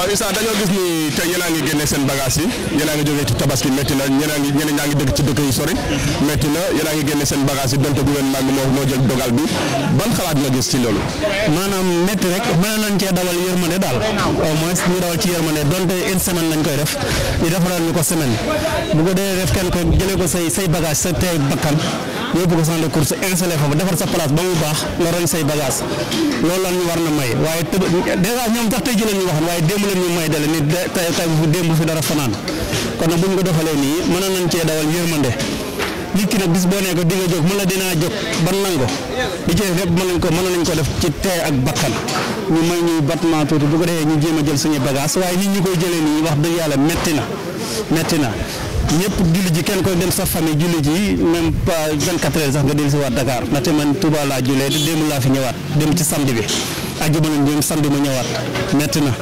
waaw Issa dañoo gis ni tey yéen a ngi génne seen bagage yi yéen a ngi jógee ci tabaski métti na ñeneen ñaa ngi dëkk ci dëkk yu sori métti na yéen a ngi génne seen bagage yi donte bu ko dee de defar sa place ba mu baax nga roñ say bagage loolu la ñu war na may waaye dèjà ñoom sax tey jëlee ñu waxoon waaye démb la ñu may dale ni tay tay bu démb fi dara fanaan kon nag buñ ko defalee nii mën nañ cee dawal yërmande nit ki nag bis boo nee ko di nga jóg mën la dinaa jóg ban nango li ci def mën nañ ko mën nañ ko def ci tey ak bakkan ñu may ñuy battement tuuti bu ko defee ñu jéem a jël suñu bagage waaye nit ñu koy jëlee nii wax dëgg yàlla metti na metti na ñëpp julli ji kenn ko dem sa famille julli ji même pas 24 heures sax nga dellu si waat dakaar ndaxte man Touba laa jullee démb laa fi ñëwaat dem ci samedi bi àjjuma lañ jëm samedi ma ñëwaat metti na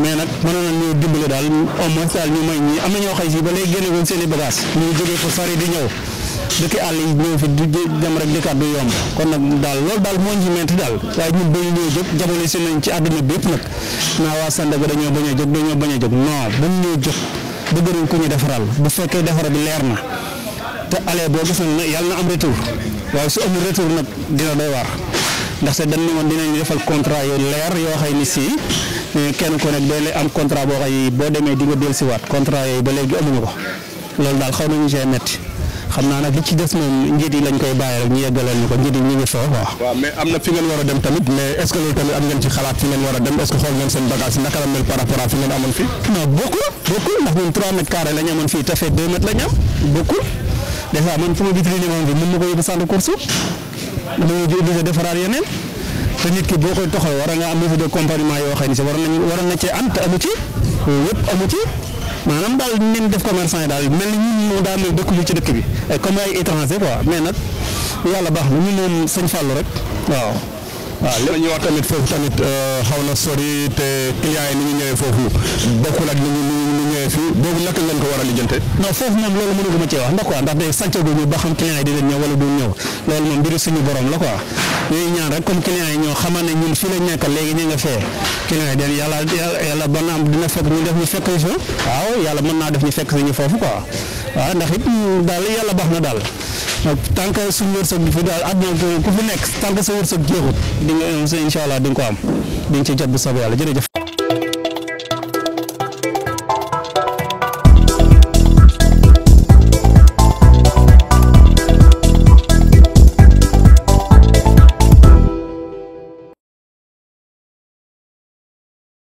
mais nag mënoon na ñu dimbale daal au moins daal ñu may ñi am na ñoo xay si ba léegi génne woon seen i bagage ñu jógee fa sori di ñëw dëkk àll yi ñëw fi du dem rek dëkkaat du yomb kon nag daal loolu daal moo ñu metti daal waaye ñun bañu ñëw jóg jamono si nañ bépp nag naa waa Sandaga dañoo bañ a jóg dañoo bañ a no non bañ ñëw jóg bëgg nañ ku ñu defaraal bu fekkee defara bi leer na te ale boo gis na yàlla na am retour waaye su amul retour nag dina doy waar ndaxte dañ ne woon dinañ defal contrat yu leer yoo xay ni si kenn ku nekk day am contrat boo xay boo demee di nga dellusiwaat contrat yooyu ba léegi amuñu ko loolu daal xaw nañu see metti xam naa nag li ci des moom njiit yi lañ koy bàyyi rek ñu yeggalal ñu ko njiit yi ñu ngi foofu waaw. waaw fi ngeen war a dem tamit mais est ce am ngeen ci xalaat a dem est fii. non bokkul bokkul ndax am bokkul des fois man fu ma vitrine moom bi mën na ko yóbbu centre course dañoo obligé defaraat yeneen te nit ki boo koy toxal war nga am mesure d'accompagnement yoo xam ne si war nañu war na cee am te amu ci amu ci maanaam daal nañ def commerçant yi daal mel ni ñun moom daal ci dëkk bi comme ay étranger quoi yàlla baax na ñu moom sëñ Fallou rek waaw. waaw li ma ñuy wax tamit foofu tamit euh, xaw na sori te client yi ni ñu ñëwee foofu bokkul ak ni ñu ni ñëwee fii boobu naka ngeen ko war a lijjante. non wax ndax quoi ndax day sànq gu ñu ba xam client yi dinañ ñëw wala du ñëw. mbiri suñu borom la quoi ñuy ñaan rek comme client yi ñoo xamal ne ñun fii lañ nekk léegi ñu nga fee client yi den yàlla baax na daal tant que suñu wërsëg sa wërsëg jeexut di nga incha allah di nga ko am di nga ci jot bu soobee a jërëjëf